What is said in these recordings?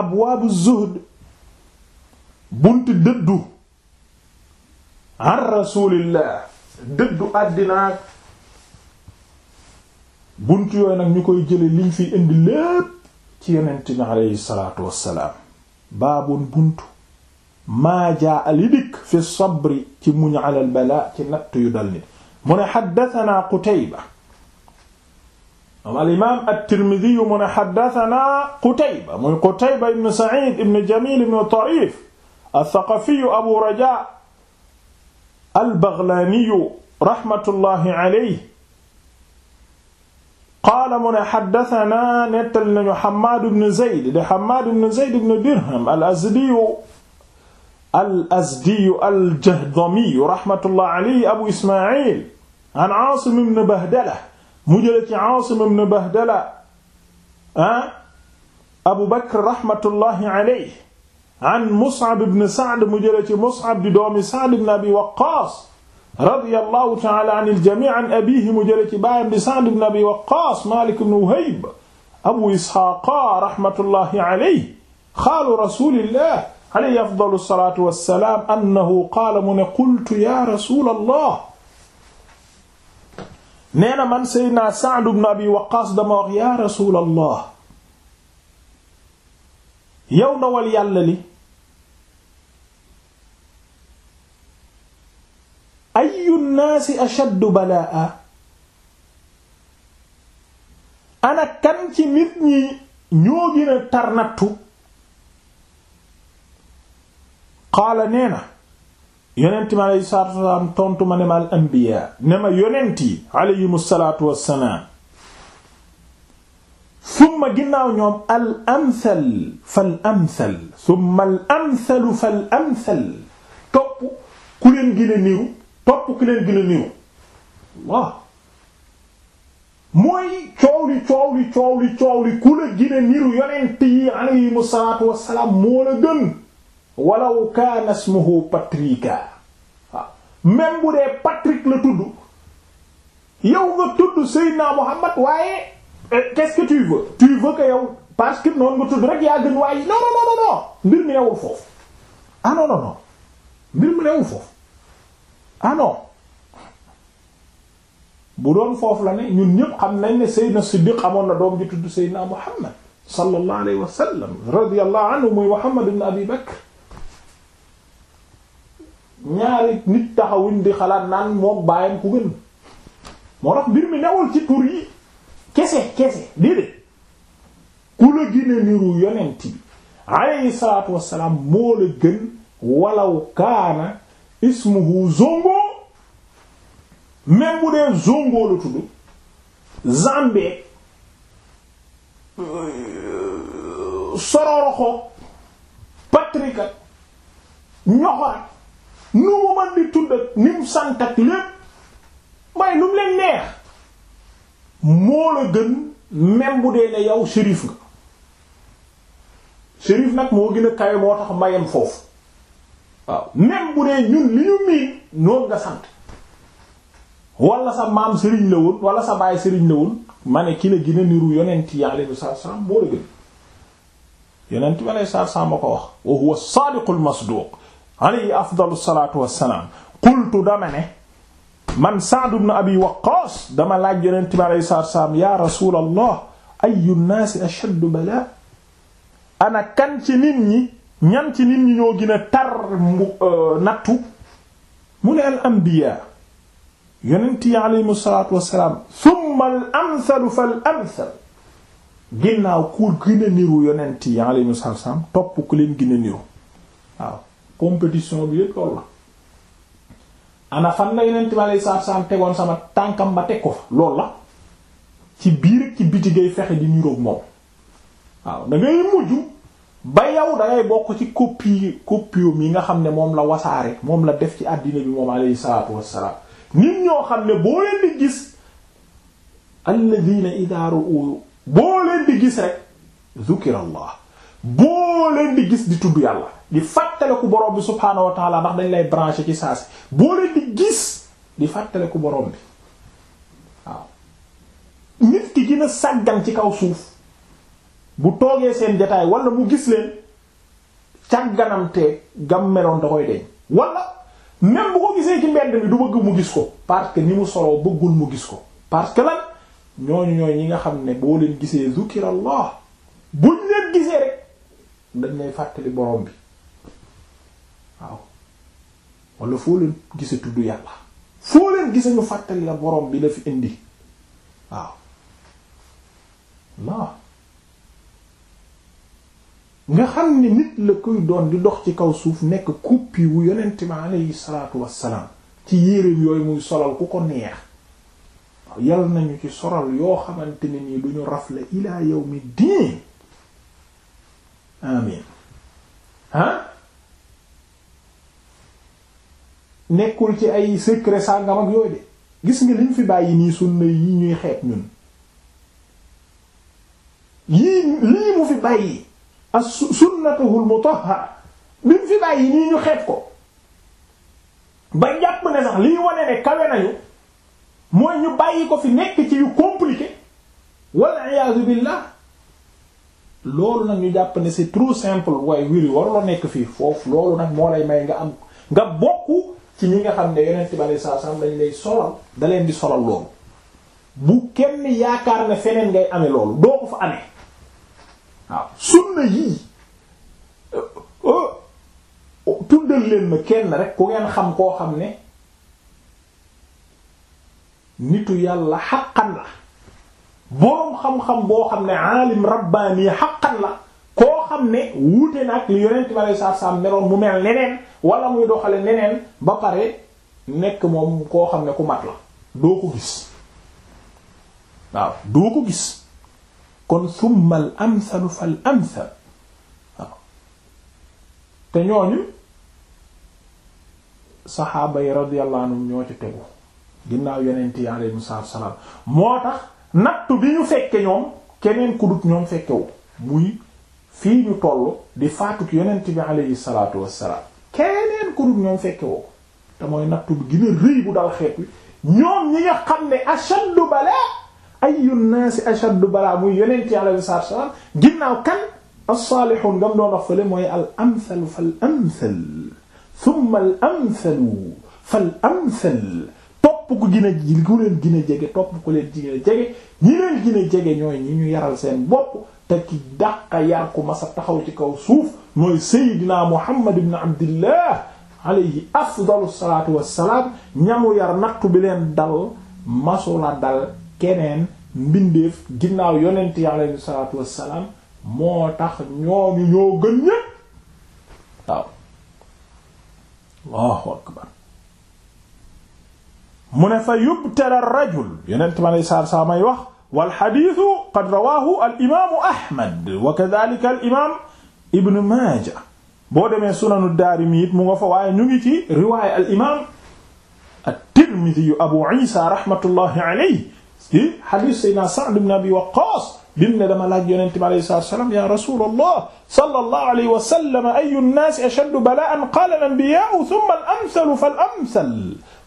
abwaabu zuhd bunt dëddu an rasulillah dëddu àddinaak bunt yooyu nag ñu koy jële liñ fi indi lépp ci yonent bi aleyhi salaatu wassalaam baabun bunt maa jaa li dikk fi sabri ci muñ alal balaa ci natt yu dal nit mu ne xaddatanaa qutayba wal imaam at-Tirmidhi mu ne haddathana Qutayba muy Qutayba ibn Sa'id ibn Jamil ibn Tarif ath-Thaqafi Abu Raja al-Baghlani rahmatullahi alayhi qaala mu ne haddathana nettal nañu Hammad ibn Zayd de Hammad ibn Zayd ibn Dirham al-Azdi al-Azdi al-Jahdami rahmatullahi alayhi Abu Isma'il an Asim ibn Bahdala mu jële ci Aasim ibn Bahdala ah Abu Bakr rahmatullahi alayhi an Mus'ab ibn Sa'd mu jële ci Mus'ab di doomi Sa'd ibn Abi Waqqaas radiyallahu ta'ala anil jamii' an abiihi mu jële ci baayam di Sa'd ibn Abi Waqqaas Maalik ibn Wuhayb Abu Isxaaqa rahmatullahi alayhi xaalu rasulillah alayhi afdalu salaatu wa salaam annahu qaala mu ne qultu yaa rasulallah nee na man Seydina Sa'd ibn Abi Waqqaas dama wax yaa rasuulallah yow ndawal yàlla li ayu nnaasi ashaddu balaa ana kan ci nit ñi ñoo gën a tar nattu qaala nee na yonent mi aleyhi salaatu wassalaam tontu ma ne ma al anbiyaa ne ma yonent yi aleyhimu salaatu wassalaam summa ginnaaw ñoom al amsal fal amsal summa al amsalu fal amsal topp ku leen gën a niru topp ku leen gën a niru waaw mooy coow li coow li coow li coow li ku la gën a niru yonent yi aleyhimu salaatu wassalaam moo la gën wala kaana ismuhu patrika waaw ah, bu dee Patrick la tudd yow nga tudd Seydina Muhammad waaye eh, qu'est-ce que tu veux tu veux que yow parce tudd rek yaa gën waaye non ah, non non non mbir mi newul foofu ah non bu doon foofu la ne ñun ñëpp xam nañ ne Seydina Siddiq amoon na doom ji tudd Seydina Muhammad sallallahu alayhi wa sallam radiyallahu anhu muy Muhammad ibn Abi ñaari nit taxawuñ di xalaat naan moom bàyyam ku gën moo tax mbir mi newul ci tur yi kese kese déedéet ku la gine niru yonent bi alayhi salaatu wassalaam moo la gën walaw kaana ismuhu zongo même bu dee zongo la tudd zambe sororoxo patrika ñoxora nu mu mën di tudd ni mu sant ak lépp waaye lu mu leen neex moo la gën même bu dee ne yow shérif nga shérif nag moo gën a moo tax mayem foofu waaw même bu dee ñun li ñu miin noonu nga sant wala sa maam sëriñ la woon wala sa baay sëriñ la woon ma ne ki la gën a niru yonent yàlla bi saa saa moo la gën yonent bi aleyhi salaatu salaam ma ko wax wa huwa saadiqul masduuq alayhi afdalu salaatu wassalaam qultu dama ne man Sa'd ibn Abi Waqqaas dama laaj yonent bi alayhi salaatu wassalaam yaa rasuulallah ayyu naasi ashaddu balaa ana kan ci nit ñi ñan ci nit ñi ñoo gën a tar mu euh, nattu mu ne al anbiyaa yonent yi alayhimu salaatu wassalaam summa al amsalu fal amsal ginnaaw ku gën a niru yonent yi alayhimu salaatu wassalaam topp ku leen gën a niru waaw compétition bi yëpp loolu la ana fan la yeneen timaale saam tegoon sama tànkam ba teg ko lool loolu la ci biir ci biti ngay fexe di niroog moom waaw da ngay ba yow da bokk ci copie copie yi nga xam ne moom la wasaare moom la def ci àddina bi moom alayhi salaatu wassalaam nit ñoo xam ne boo leen di gis alladhina idha ru'u boo leen di gis rek zukirallah boo leen di gis di tudd yàlla di fàttaliku borom bi subhaanahu wa taala ndax dañ lay branché ci saa si boo leen di gis di fàttaliku borom bi waaw nit ki gën sàggan ci kaw suuf bu toogee seen jataay wala mu gis leen càgganamte gam meloon da koy deñ wala même bu ko gisee ci mbedd mi du bëgg mu gis ko parce que ni mu soloo bëggul mu gis ko parce que lan ñooñu ñooy ñi nga xam ne boo leen gisee zukirallah buñ leen gisee rek dañ lay fàttali borom bi waaw wala foo leen gise tudd yàlla foo leen gise ñu fàttali la borom bi la fi indi waaw waaw nga xam ni nit la koy doon di dox ci kaw suuf nekk kuppi wu yonent mi aleyhi salaatu wassalaam ci yéreem yooyu muy solal ku ko neex waaw yal nañu ci soral yoo xamante ne nii duñu rafle ilaa yawmi diin amin ah nekkul ci ay secret sàngam ak yooyu de gis nga liñ fi bàyyi nii sunna yi ñuy xeet ñun yii lii mu fi bàyyi as sunnatuhul mutahhar liñ fi bàyyi nii ñu xeet ko ba jàpp ne sax liy wane ne kawe nañu mooy ñu bàyyi ko fi nekk ci yu compliqué walla iyaazu billah loolu nag ñu jàpp ne c'est trop simple waaye wiri warula nekk fii foofu loolu nag moo lay may nga am nga bokk ci ñi nga xam ne yonent bi alayhi salaam dañ lay solal da di solal loolu bu kenn yaakaar ne feneen ngay amee loolu doo ko fa amee waaw sunna yii euh, euh, euh, tuddal leen ma kenn rek ku ngeen xam koo xam ne nitu yàlla xaqan la boroom xam-xam boo xam ne aalim rabbaani xaqan la koo xam ne wuute na ak li yonent bi alayhi salaam meloon mu mel leneen wala muy doxale neneen ba pare nekk moom koo xam ne ku mat la doo ko gis waaw doo ko gis kon summa al amsalu fal amsal waaw te ñooñu saxaaba yi radiyallahu anhum ñoo ci tegu ginnaaw yonent yi alayhimu salaam moo tax nattu bi ñu fekke ñoom keneen ku dut ñoom fekkewu muy fii ñu toll di faatu ki yonent bi alayhi salaatu wassalaam keneen ku dul ñoom fekke woo ko te mooy nattu bi gën a rëy bu dal xeet wi ñoom ñi nga xam ne ashaddu balaa ayu naasi ashaddu balaa muy yonent yi alayhi salaatu wa salaam ginnaaw kan as-saalihuun ngam doon wax fële mooy al amsalu fal amsal thumma al amsalu fal amsal topp ku gën a ku leen gën jege topp ku leen gën a jege ñi leen gën jege ñooy ñi ñu yaral seen bopp te ki dàqa yar ku masa taxaw ci kaw suuf mooy Seydina Muhammad ibn Abdillah alayhi afdalu salaatu wassalaam ñamu yar nattu bi leen dal masula dal keneen mbindeef ginnaaw yonent yi alayhi salaatu wassalaam moo tax ñooñu ñoo gën ñépp waaw Allahu akbar mu ne fa yubtala rajul yonent ma lay saar saa may wax wal xadiisu qad rawaahu al imaamu Ahmad wa kadhalika al imaam ibn Maaja boo demee sunanu Daarimi it mu nga fa waaye ñu ngi ci riwaaya al imaam at-Tirmidhi yu Abu Isa rahmatullahi alayhi ci hadiis Seydina Sa'd ibn Abi Waqqaas bim ne dama laaj yonente bi alayhi salaatu wa salaam ya rasulallah sallallahu alayhi wa sallam ayyu nnaasi ashaddu balaa'an qaala al-anbiyaa'u thumma al-amthalu fal-amthal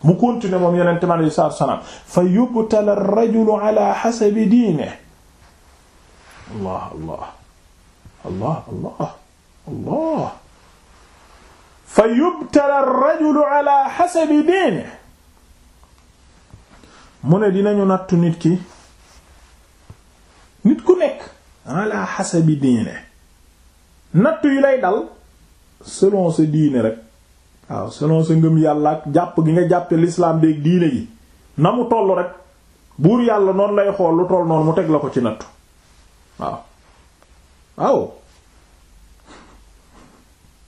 mu continué moom yonente bi alayhi salaatu wa salaam fa yubtala ar-rajulu ala hasabi diinihi allah allah allah allah fa yubtala ar-rajulu ala hasabi mu ne dinañu nattu nit ki nit ku nekk ala hasabi diinihi nattu yi lay dal selon sa diine rek waaw selon sa ngëm yàlla ak jàpp gi nga jàppe l'islam beeg diine ji na mu toll rek buur yàlla noon lay xool lu toll noonu mu teg la ko ci nattu waaw waaw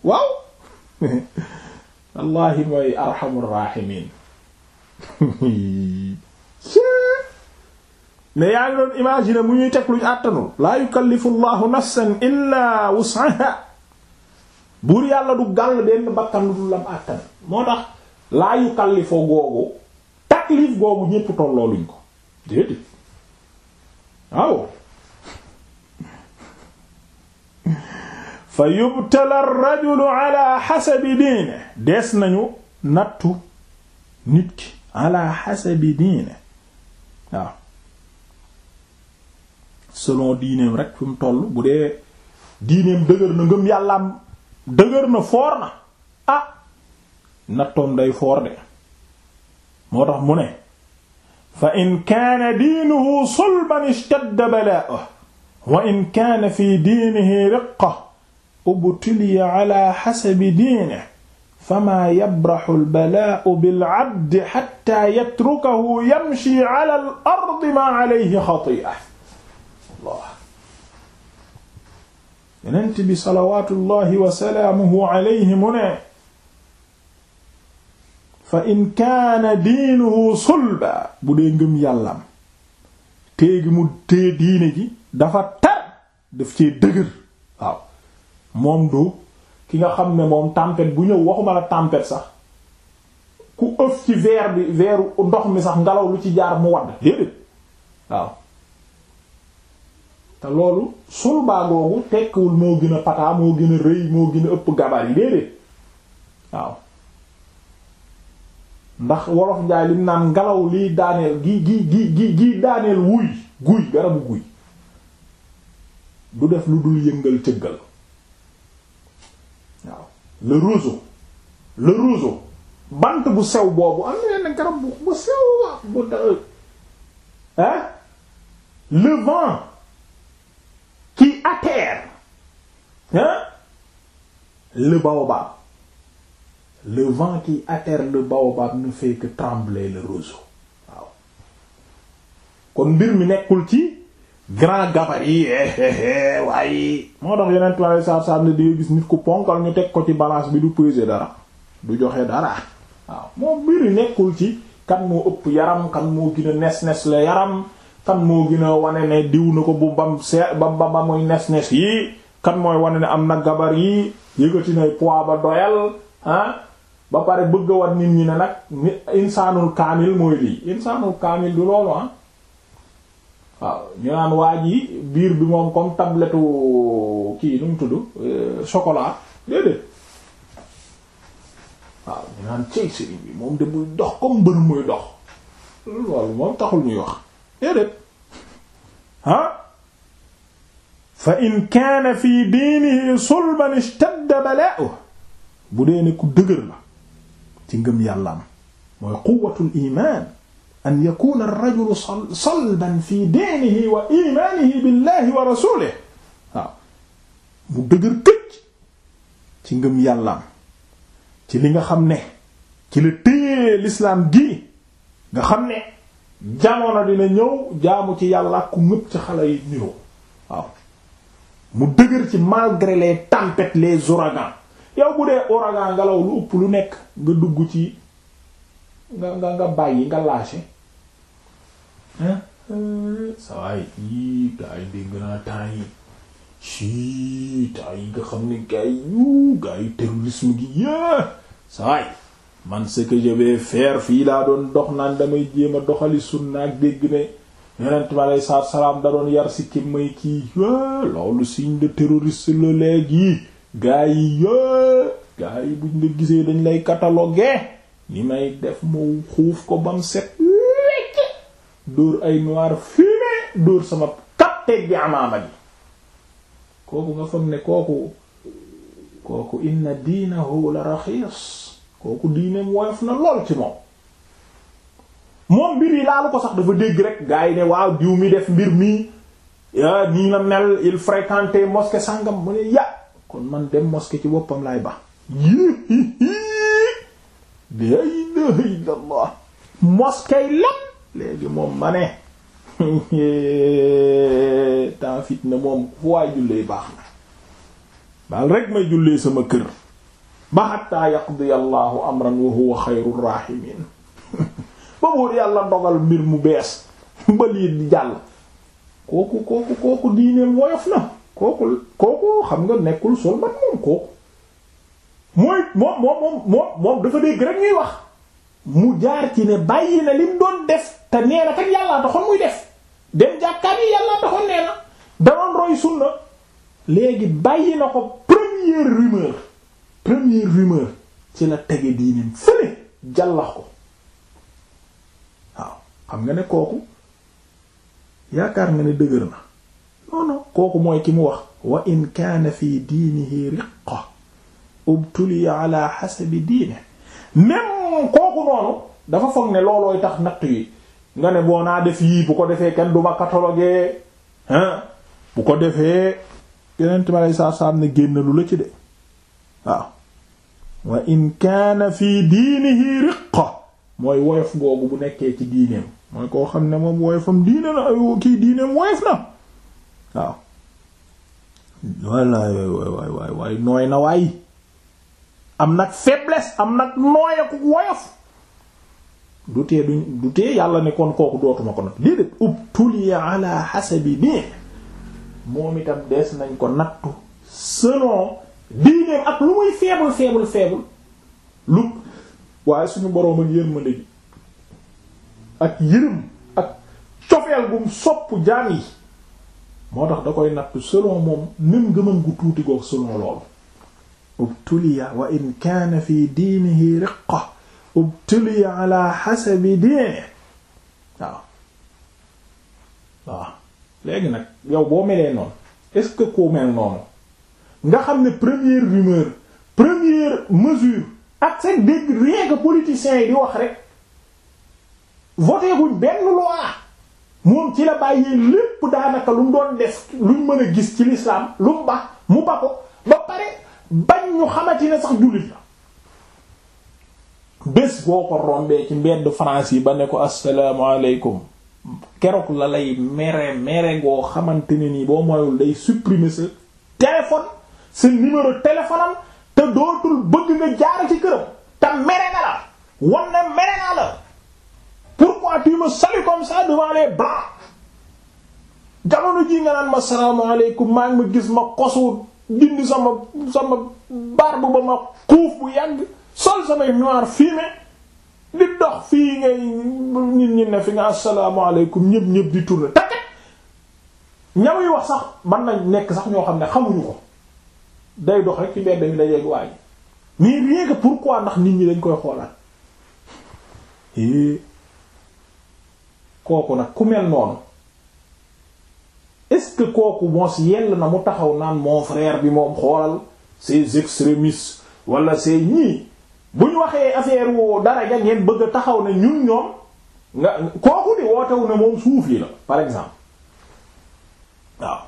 waaw wallahi mooy arhamur rahimin mais yaa ngi doon imaginer mu ñuy teg luñ àttanul laa yukallifu llahu nafsan illa wus'aha buur yàlla du gàll benn bakkan lu dul lam àttan moo tax laa yukallifu googu taklif googu ñépp tolloo luñ ko déedéet waaw fa yubtala rajulu ala xasabi diine dees nañu nattu nit ki ala xasabi diine waaw diineem rek fi mu toll bu dee diineem dëgër na ngëm yàllaam dëgër na foor na ah nattoom day foor de moo tax mu ne fa in kaana diinuhu sulban ishtadda balaa'uhu wa in kaana fi diinihi riqqa ubtuliya ala xasabi diine fama yabraxu albalaau bilcabdi xata yatrukahu yamshi ala al ardi ma alayhi xatia allah yonent bi salawatu allahi wasalaamuhu alayhi mu ne fa in kaana diinuhu sulba bu dee ngëm yàllam téegi mu tée diine ji dafa tar daf cee dëgër moom du ki nga xam ne moom tempête bu ñëw waxuma la tempête sax ku ëf ci verre bi veeru ndox mi sax ngelaw lu ci jaar mu wadd déedéet waaw te loolu sulbaa googu tekkiwul moo gën a pataa moo gën a rëy moo gën a ëpp gabar yi déedéet waaw ndax wolof njaay lim naan ngelaw liy daaneel gi gi gi gi gi daaneel wuy guy garabu guy du def lu dul yëngal cëggal le roseau le roseau bant bu sew boobu am na yenn garab bu bu sew bu ah le vent qui atterre hein le baobab le vent qui atterre le baobab ne fait trembler le roseau waaw kon mbir mi nekkul ci grand gabarit eh, eh, eh, waaye moo tax yeneen tubaab saab saab ne di gis nit ku ponkal ñu teg ko ci balance bi du peser dara du joxe dara waaw moom mbiri nekkul ci kan moo ëpp yaram kan moo gën a nes nes la yaram kan moo gën wane ne diw na ko bu bam see ba ba muy nes nes yi kan mooy wane ne am na gabar yi yëgati nay poids ba doyal ah ba pare bëgg a wat nit ñi ne nag nit insaanul kaamil mooy lii insaanul kaamil du loolu ah waaw ñu naan waa ji biir bi moom comme tablette kii nu mu tudd euh, chocolat déedéet waaw ñu naan cey sëriñ bi moom de muy dox comme mbër muy dox loolu moom taxul ñuy wax déedéet ah fa in kaana fi diinihi sulban ishtadda balaa'uhu bu dee ne ku dëgër la ci ngëm yàllaam mooy quwwatul imaan an yakuna ar-rajulu salban fi diinihi wa imaanihi billahi wa rasulihi waaw mu dëgër këcc ci ngëm yàllaam ci li nga xam ne ci la téye lislaam gi nga xam ne jamono dina ñëw jaamu ci yàlla ku ñëpp ci xale yi niroo waaw mu dëgër ci malgré les tempêtes les ouragans yow bu dee ouragan ngelaw lu ëpp lu nekk nga dugg ci nga nga bàyyi nga lâché sawaay yii gaa yi dégg naa temps yi ci nga xam ne gaa yu gaa yi terrorisme gi yée sawaay man ce que je vais fii laa doon dox naan damay jéem a doxali sunna ak dégg ne yonent bi aleyhi salaatu salaam da doon yar si ki may kii loolu signe de terroriste la léegi gaa yi yée gaa yi buñ la gisee dañ lay cataloguer li may def moo xuuf ko bam set dóor ay noir fumé dóor sama kapteeg bi amaama ji kooku nga foog ne kooku kooku inna diinahu la raxiis kooku diineem woyof na lool ci moom moom mbir yi laalu ko sax dafa dégg rek gars yi ne waaw diw mi def mbir mii nii la mel il fréquentait mosquée sangam mu ne ya kon man dem mosquée ci boppam laay ba yii la ilaha illallah mosquée lépp léegi moom ma ne temps fitna moom fu waay jullee baax na daal rek may jullee sama kër ba xatta yaqdi allahu amran wa huwa xayru rahimin ba wóor yàlla dogal mbir mu bees ba lii di jàll kooku kooku kooku diineem woyof na kooku kooku xam nga nekkul sol bat moom kooku mooy moom moom moom moom moom dafa dégg rek ñuy wax mu jaar ci ne bàyyi na lim doon def te nee na kat yàllaa taxoon muy def dem jàkkaar yi yàllaa taxoon nee na danoon roy sunna léegi bàyyi na ko première rumeur première rumeur ci la tege diineem fële jàllax ko waaw xam nga ne kooku yaakaar nga ne dëgër na non kooku mooy ki mu wax wa in kaana fi diinihi riqqa a ala hasabi diinihi moom kooku noonu dafa foog ne loolooy tax natt yi nga ne boo naa def yii bu ko defee kenn du ma catalogué bu ko defee yeneen ma lay saa saam ne génn lu la ci de waaw wa in kaana fi diinihi riqa mooy woyof googu bu nekkee ci diineem mooy koo xam ne moom woyofam diine na kii diineem woyof na waaw waay waay waay waay nooy na waay am nag faiblesse am nag nooyaku woyof du tee duñ du tee yàlla nekkoon kooku dootuma ko nag déedéet ubtuliya ala hasabi ni nañ ko nattu selon diineem ak lu muy faible faible faible lu waaye suñu boroom ak yërmande gi ak yërëm ak cofeel gum sopp jaam yi moo tax da koy nattu selon moom même ngëmam gu tuuti goog selon loolu ubtuliya wa in kaana fi diinihi riqqa ubtuliya ala léegi nag yow boo melee noonu est-ce que koo mel noonu nga xam ne première rumeur première mesure ak seen dégg rien que politiciens yi di wax rek voté guñ benn loi moom ci la bàyyi lépp daanaka lu doon def luñ mën a gis ci l'islam lu ba mu ba ko bañ ñu xamati ne sax jullit la bés boo ko rombee ci mbedd France yi ba ne ko assalaamu alaykum keroog la lay mere mere goo xamante nii boo moyul day supprimer sa téléphone sa numéro téléphone te dootul bëgg nga jaar ci këram te mere na la wan na mere naa la pourquoi tu me salues comme ça devant les blancs jamono ji nga naan ma assalaamu alaykum maa ngi ma gis ma kosu dindi sama sama barbe ba ma xuuf bu yàgg sol samay noir fumé di dox fii ngay nit ñi ne fi nga asalaamaaleykum ñëpp ñëpp di tourner te ñaw yi wax sax mën nañ nekk sax ñoo xam ne xamuñu ko day dox rek ci mbedd mi la yegg waaye mais rien que pourquoi ndax nit ñi dañ koy xoolaat eh. kooku nag ku mel noonu. est-ce que kooku mos yell na mu taxaw naan mon bi moom xoolal ces extrémistes wala ces ñii bu ñu waxee affaire woo dara ja bëgg a taxaw ne ñun ñoom nga kooku di wootewu ne moom suuf yi la par exemple waaw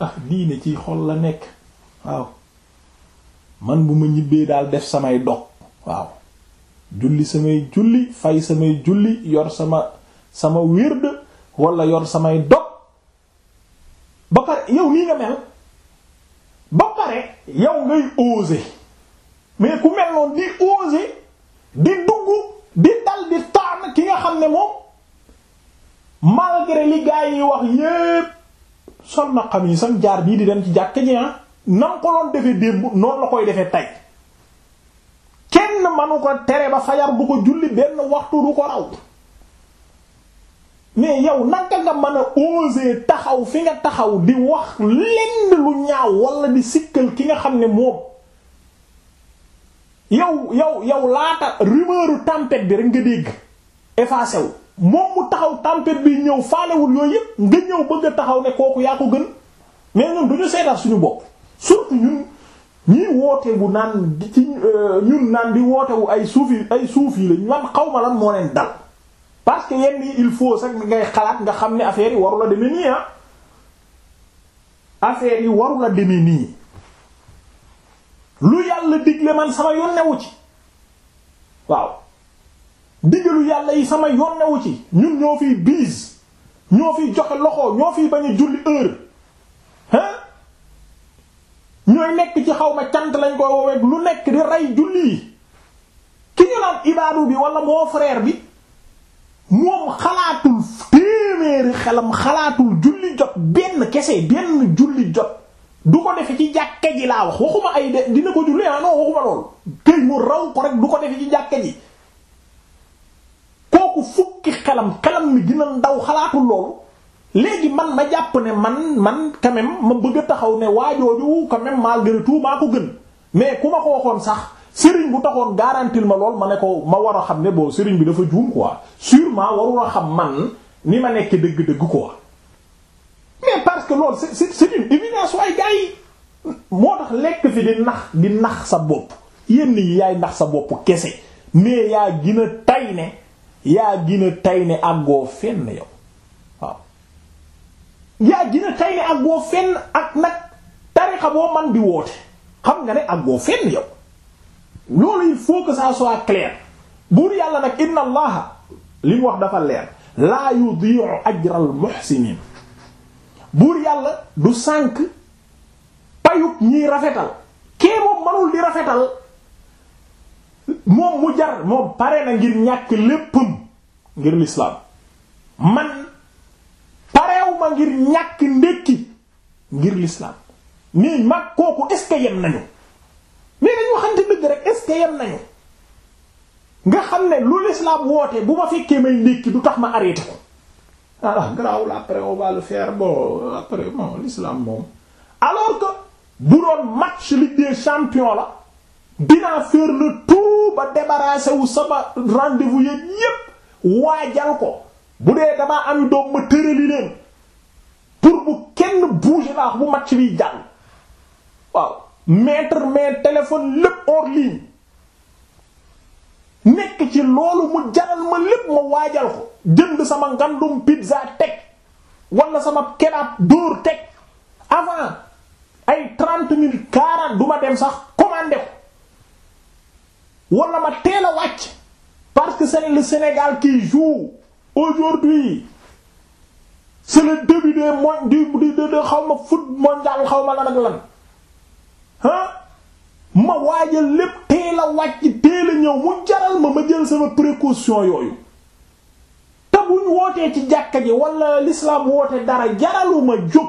ah diine ci xol la nekk waaw man bu ma ñibbee daal def samay dog waaw julli samay julli fay samay julli yor sama sama wird wala yor samay dog ba pare yow nii nga mel ba pare yow ngay oser mais ku mel noonu di oser di dugg di dal di taan ki nga xam ne moom malgré li gaa yi wax yépp sol na xam yi sam jaar bii di dem ci jàkk ji ah nan ko doon defee démb noonu la koy defee tey kenn manu ko tere ba fajar bu ko julli benn waxtu du ko raw mais yow naka nga mën a oser taxaw fi nga taxaw di wax lenn lu ñaaw wala di sikkal ki nga xam ne moom yaw yow yow laata rumeuru tempête bi rek nga dégg effacé wu moom mu taxaw tempête bi ñëw faalewul yooyu yëpp nga ñëw bëgg a taxaw ne kooku yaa ko gën mais ñun duñu seetal suñu bopp surtout ñun ñii wootewu naan di ci euh, ñun naan di wootewu ay suufi ay suufi lañ wan xaw ma lan moo leen dal parce que yenn yi il faut sax ngay xalaat nga xam ne affaire yi waru la demee nii ah affaire yi waru la demee nii lu yàlla digle man sama yoon newu ci waaw digalu yàlla yi sama yoon newu ci ñun ñoo fiy biis ñoo fiy joxe loxo ñoo fiy bañ a julli heure ñooy nekk ci xaw ma cant lañ koy woowee lu nekk di rey julli yi ki ñu naan ibaadu bi wala moo frère bi. moom xalaatul téeméeri xelam xalaatul julli jot benn kese benn julli jot du ko defe ci jàkke ji laa wax waxuma ay de dina ko julli ah non waxuma lool këy mu raw ko rek du ko defe ci jàkke ji kooku fukki xelam xelam mi dina ndaw xalaatu loolu léegi man ma jàpp ne man man quand ma bëgg a taxaw ne waajooju quand même maa ko gën mais ku ma ko waxoon sax sëriñ bu taxoon garantil ma lool ma ne ko ma war a xam ne boo sëriñ bi dafa juum quoi sûrement warul a xam man ni ma nekk dëgg-dëgg quoi mais parce que loolu c'est c'est une évidence waaye gars yi moo tax lekk fi di nax di nax sa bopp yenn yi yaay nax sa bopp kese mais yaa gën tayne tay ne yaa gën a tay ne fenn yow yaa gën a tay ne fenn ak nag tarixa boo man di woote xam nga ne àggoo fenn yow loolu il faut que ça soit clair buur yàlla nag inna allaha li mu wax dafa leer laa yudiu ajral muhsinin buur yàlla du sànk payug ñiy rafetal kee moom manul di rafetal moom mu jar moom pare na ngir ñàkk léppam ngir lislaam man pareew ma ngir ñàkk ndékki ngir lislaam nii mag kooku est nañu mais dañu waxante nañu xam ne lu l'islam woote bu ma fekkee may ndékki du tax ma arrêté ko ah garaawul après on va le après bon l'islam moom alors que bu doon match Ligue des la dinaa faire le tout ba débarrasser wu sama yépp waajal ko bu dee damaa am doom ma tërali leen pour bu kenn bouger la bu match bi jàll waaw mettre mes téléphones lépp hors ligne nekk ci loolu mu jaral ma lépp ma waajal ko jënd sama ngandum pizza teg wala sama kebab dóor teg avant ay trente mille quarante du ma dem sax commandé ko wala ma teel wàcc parce que c'est le Sénégal qui joue aujourd'hui c'est le début des mois du du de xaw ma foot mondial xaw ma lan ak lan. ma waajal lépp teel a wàcc teel a ñëw mu jaral ma ma jël sama précaution yooyu te buñ wootee ci jàkka ji walla l'islam woote dara jaraluma jóg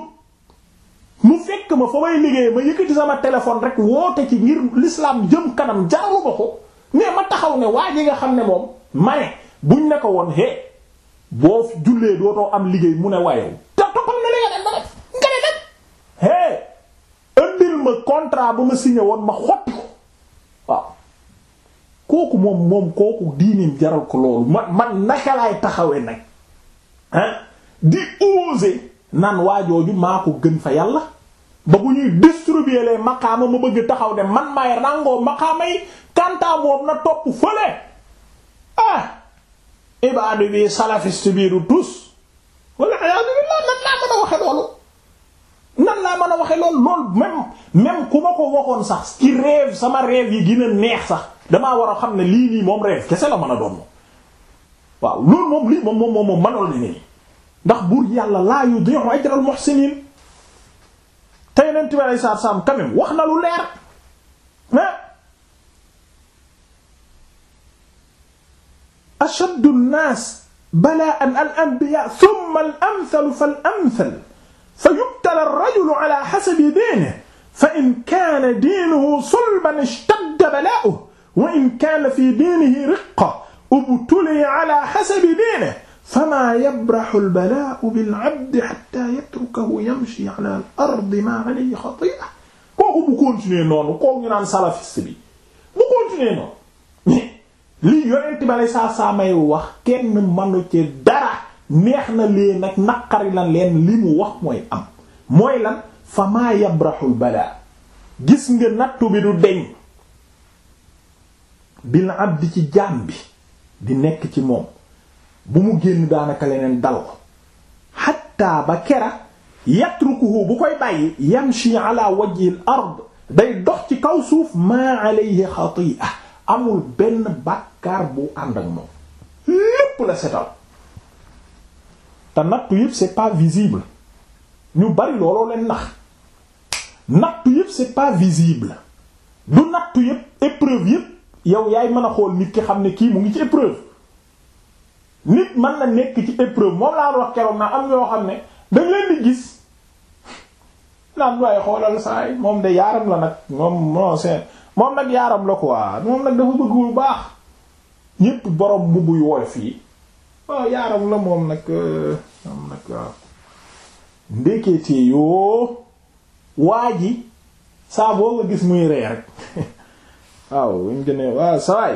mu fekk ma fa may liggéey ma yëkkati sama téléphone rek woote ci ngir l'islam jëm kanam jaraluma ko mais ma taxaw ne waa yi nga xam ne moom ma ne buñ ne ko woon hé boo jullee dootoo am liggéey mu ne wayew ma contrat ba ma signé woon ma xotti ko waaw kooku moom moom kooku diinim jaral ko loolu man man naka laay taxawee nag ah di oser nan waajooju maa ko gën fa yàlla ba bu ñuy distribuer les ma bëgg taxaw ne man maay ràngoo maqaama yi na topp fële ah ibaadu bi bii du tus wala iyadu billah nan laa mën a waxe loolu nan laa mën a waxe lool lool même même ku ma ko waxoon sax ci rêve sama rêve yi gën a neex sax damaa war a xam ne lii nii moom rêve kese la mën a doon moom waaw loolu moom lii moom moom moom mënul ni nii ndax buur yàlla laa yudi'u ajral muhsinin te yeneen tubaab ay saar saam quand même wax na lu leer mais ashaddu an-nas bala'an al-anbiya thumma al-amthal fal-amthal fa yubtala ar-rajulu ala hasabi diinihi fa in kaana diinuhu sulban ishtadda balaa'uhu wa in kaana fii diinihi riqqatun ubtuliya ala hasabi diinihi famaa yabrahu al-balaa'u bil-'abdi hattaa yatrukahu yamshi ala al-ardi maa 'alayhi xatii'a kooku bu continuer noonu kooku ñu naan salafiste bi bu continuer noonu li yonent bi alayhi salaam may wax kenn mënu ci dara neex na leen nag naqari lan leen li mu wax mooy am mooy lan fa maa yabraxul balaa gis nga nattu bi du deñ bil abdi ci jaam bi di nekk ci moom bu mu génn daanaka leneen dal ko xattaa ba kera yatrukuhu bu koy bàyyi yamshi ala wajhi ard day dox ci kaw suuf maa alayhi xati'a amul benn bàkkaar bu ànd ak moom lépp la setal te nattu yëpp c'est pas visible ñu bari looloo leen nax nattu yëpp c'est pas visible du nattu yëpp épreuve yëpp yow yaay mën a xool nit ki xam ne kii mu ngi ci épreuve nit mën na nekk ci épreuve moom laa wax keroog naa am ñoo xam ne dañ leen di gis naan waaye xoolal saay moom de yaaram la nag moom moom nag yaaram la quoi moom nag dafa bëgg bu baax ñépp borom mbubb yu woyof yi waaw yaaram la moom nag euh, moom nag waaw yoo waa saa boo gis muy ree rek waaw buñ gënee sawaay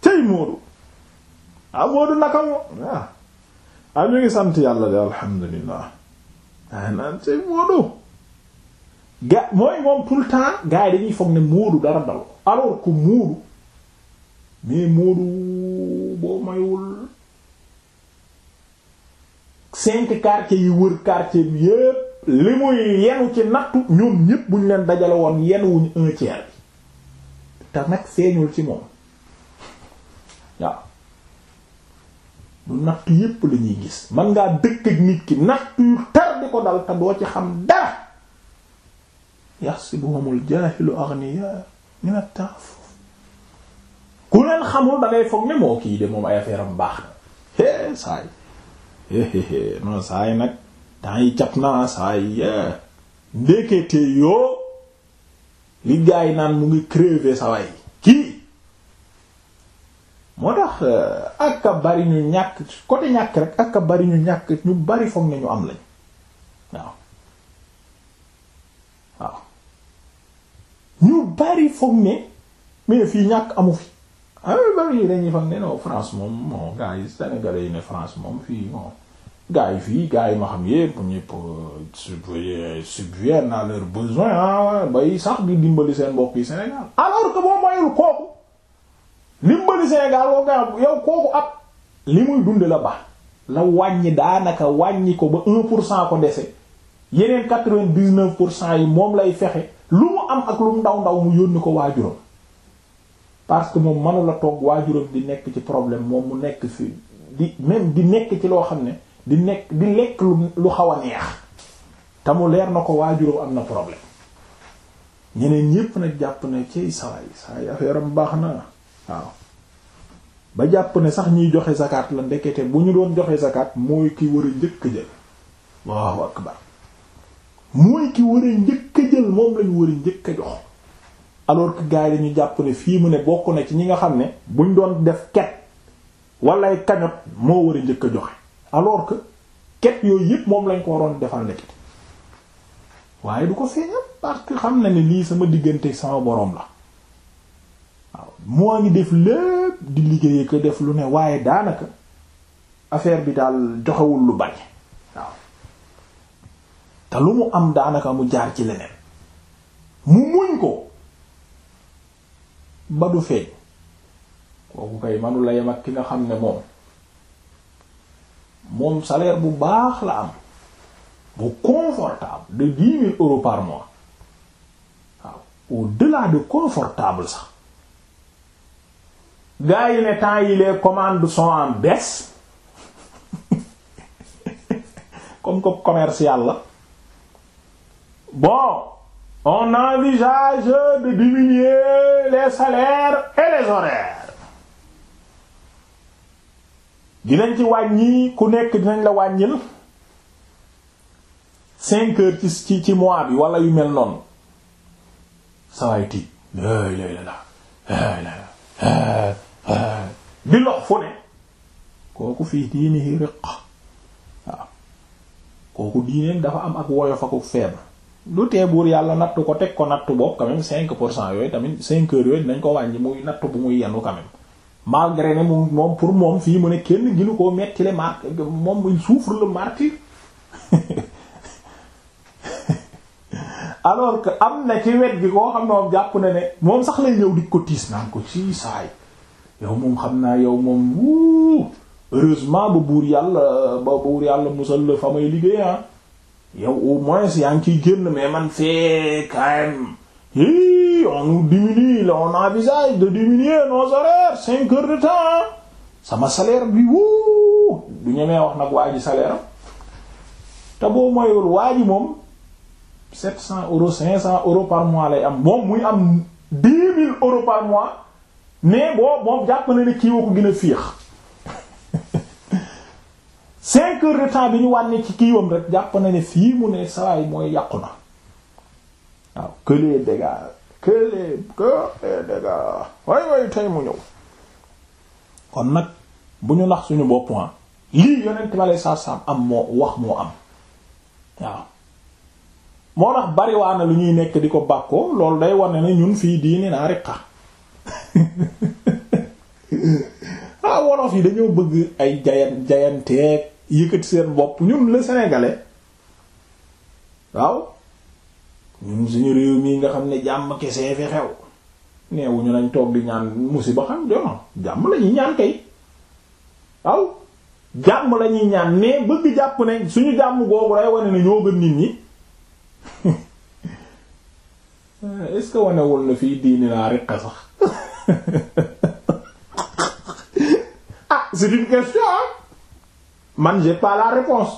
tey Moodu ah Moodu naka mo waaw am ah, ñu ngi sant yàlla de alhamdulilah ah tey Moodu ga mooy moom tout le temps gars yi dañuy ne Moodu dara dal alors que Moodu mais Moodu boo mayul cinq quartiers yi wër quartier bi yépp li muy yenu ci nattu ñoom bu buñ leen dajale woon yenuwuñ un bi te nag feeñul ci moom waaw du nattu yépp la ñuy gis man ngaa dëkk ak nit ki nattu yu tar ko dal te doo ci xam dara yaxsibuhumul jaahilu aghniya min at-ta'affuf ku leen xamul da ngay foog ne moo kii de moom ay affaire baax na é saay non saa yi nag temps yi cap naa saa yi eh. ndekete yoo li naan mu ngi crever sa way kii moo tax eh, ak bari ñu ñàkk côté ñàkk rek ak bari ñu ñàkk ñu bari foog ne ñu am lañ waaw waaw ñu bari foog ne mais fii ñàkk amu fi bari yi dañuy fam ne non France moom bon gars yi Sénégalais yi ne France moom fii bon gars yi fii gaa yi ma xam yépp ñépp euh, subviennent à leurs besoins ah bay sax di dimbali seen mbokk yi Sénégal alors que boo mayul kooku dimbali Sénégal boo nga yow kooku ab li muy dunde la ba la wàññi daanaka wàññi ko ba un pour cent ko dese yeneen quatre-vingt-dix-neuf pour cent yi moom lay fexe lu mu am ak lu mu ndaw ndaw mu yónni ko waajuram parce que moom mënula togg waajuram di nekk ci problème moom mu nekk fi di même di nekk ci loo xam ne di nekk di lekk lu xaw a neex tamu leer na ko waajuram am na problème ñeneen ñépp nag jàpp ne ci sawaay sawaay affaire am baax na waaw ba jàpp ne sax ñuy joxe zakat la ndekete bu ñu doon joxe zakat mooy kii war a njëkk jël Allahu akbar mooy ki war a njëkk jël moom lañu war a njëkk jox alors que gars yi dañu jàpp ne fii mu ne bokk na ci ñi nga xam ne buñ doon def ket walla ay cagnotte moo war a njëkk a joxe alors que ket yooyu yëpp moom lañ ko waroon defal la waaye du ko feeñal parce xam na ne lii sama diggante sama boroom la waaw moo ngi def lépp di liggéey ko def lu ne waaye daanaka affaire bi daal joxewul lu bari waaw te lu mu am daanaka mu jaar ci leneen mu muñ ko ba du feeñ kooku kay manula yem ki nga xam ne moom moom salaire bu baax la am bu confortable de dix mille euros par mois waaw de confortable sax gars yi ne temps yi les commandes sont en baisse comme que commercial la bon on envisage de diminuer les salaires et dinañ ci wàññi ku nekk dinañ la wàññil cinq heures ci ci mois bi wala yu mel noonu sawaay tiit lay lox fu ne kooku fii diini riq waaw kooku diineen dafa am ak woyof ak feebar lu tee buur yàlla nattu ko teg ko nattu boobu quand même cinq pour cent yooyu tamit cinq heures yooyu dinañ ko wàññi muy nattu bu muy yenu quand même malgré ne mu moom pour moom fii mu ne kenn ginu koo metti le mar moom il souffre le martyre am na ci gi koo xam ne moom jàpp na ne moom sax lay ñëw di ko tiis naan ko ci saay yow moom xam naa yow moom wuu heureusement ba buur yàlla ba buur yàlla musal la fa may liggéey ah. yow au moins yaa ngi ciy génn mais man c'est quand même on nous diminue là on envisage de diminuer nos horaires cinq heures de temps sama salaire bi wuu du ñemee wax nag waa ji salaire te boo moyul waa moom sept cent euros cinq cent euros par mois lay am moom muy am dix mille euros par mois mais boo moom jàpp na ne kii wa ko gën fiix cinq heures de temps bi ñu wàññi ci kiiwam rek jàpp na ne fii mu ne sawaay mooy yàqu na waaw que les dégâts que les que les dégâts way mu ñëw kon nag bu ñu nax suñu bopp ah, lii yonent bi aleyhi salaatu salaam am moo wax moo am waaw moo tax bariwaana lu ñuy nekk di ko bàkkoo loolu day wane ne ñun fii diini naa riqa ah, wolof yi dañoo bëgg ay jayan jayanteeg yëkkati seen bopp ñun le sénégalais waaw ñun suñu réew mii nga xam ne jàmm kese fi xew neewuñu nañ toog di ñaan musiba xam jono jàmm lañuy ñaan kay waaw jàmm lañuy ñaan mais bëgg jàpp ne suñu jàmm googu day wane ne ñoo gën nit ñi est wanewul na fii diini laa rekk sax ah c'est une question man j'ai pas la réponse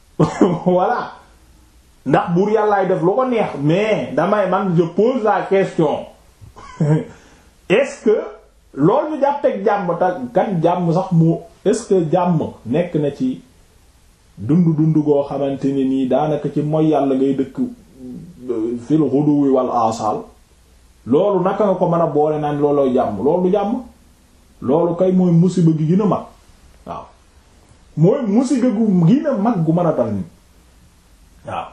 voilà ndax buur yàllaay def lu ko neex mais damay man je pose la question est-ce que loolu ñu jàppeeg jàmm te kan jàmm sax mu est-ce que jàmm nekk na ci dund dund goo xamante ne nii daanaka ci mooy yàlla ngay dëkk fil xuduwi wal asal loolu naka nga ko man a boole naan looloo jàmm loolu jàmm loolu kay mooy musiba gi gën mag waaw mooy musiba gu gii mag gu mën a dal ni waaw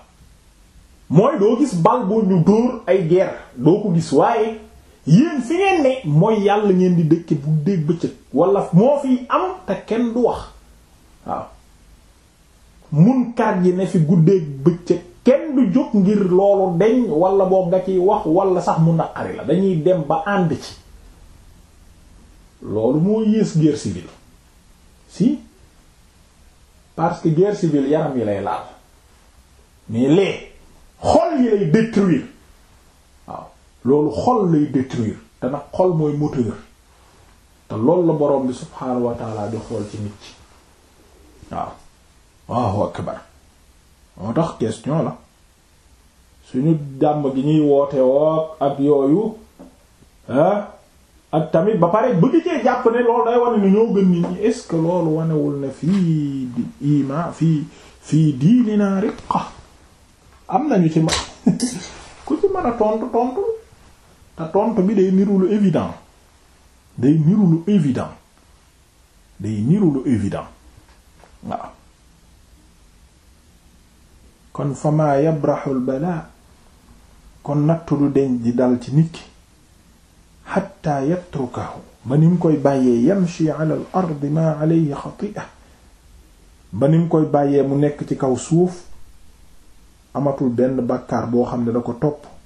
mooy doo gis bal ñu dóor ay guerre doo ko gis waaye yéen fi ngeen ne mooy yàlla ngeen di dëkke bu dégg bëccëg wala moo fi am te kenn du wax waaw munkar yi ne fi guddeeg bëccëg kenn du jóg ngir loolu deñ walla boo ciy wax walla sax mu naqari la dañuy dem ba ànd ci loolu moo yées guerre civile si parce que guerre civile yaram yi lay laal mais lee xol yi lay détruire waaw loolu xol lay détruire te nag xol mooy moteur te loolu la borom bi subhaanahu di xool ci nit ci waaw waaw akbar moo tax question la suñu jàmm gi ñuy woote woo ak yooyu ah ak tamit ba pare bëgg cee jàpp ne loolu day wane ni ñoo gën nit ñi est que loolu wanewul na fii di ima fii fii diinina riqa am ñu ci ma ku ci mën a tontu tontu te tontu bi day niru lu évident day niru lu évident day niru évident waaw kon famaa yabraxul balaa kon nattu du deñ di dal ci nit ki xatta yatrukahu ba ni mu koy bàyyee yamshi ala al ardi ma alayhi xatia ba ni mu koy bàyyee mu nekk ci kaw suuf amatul benn bàkkaar boo xam ne da ko topp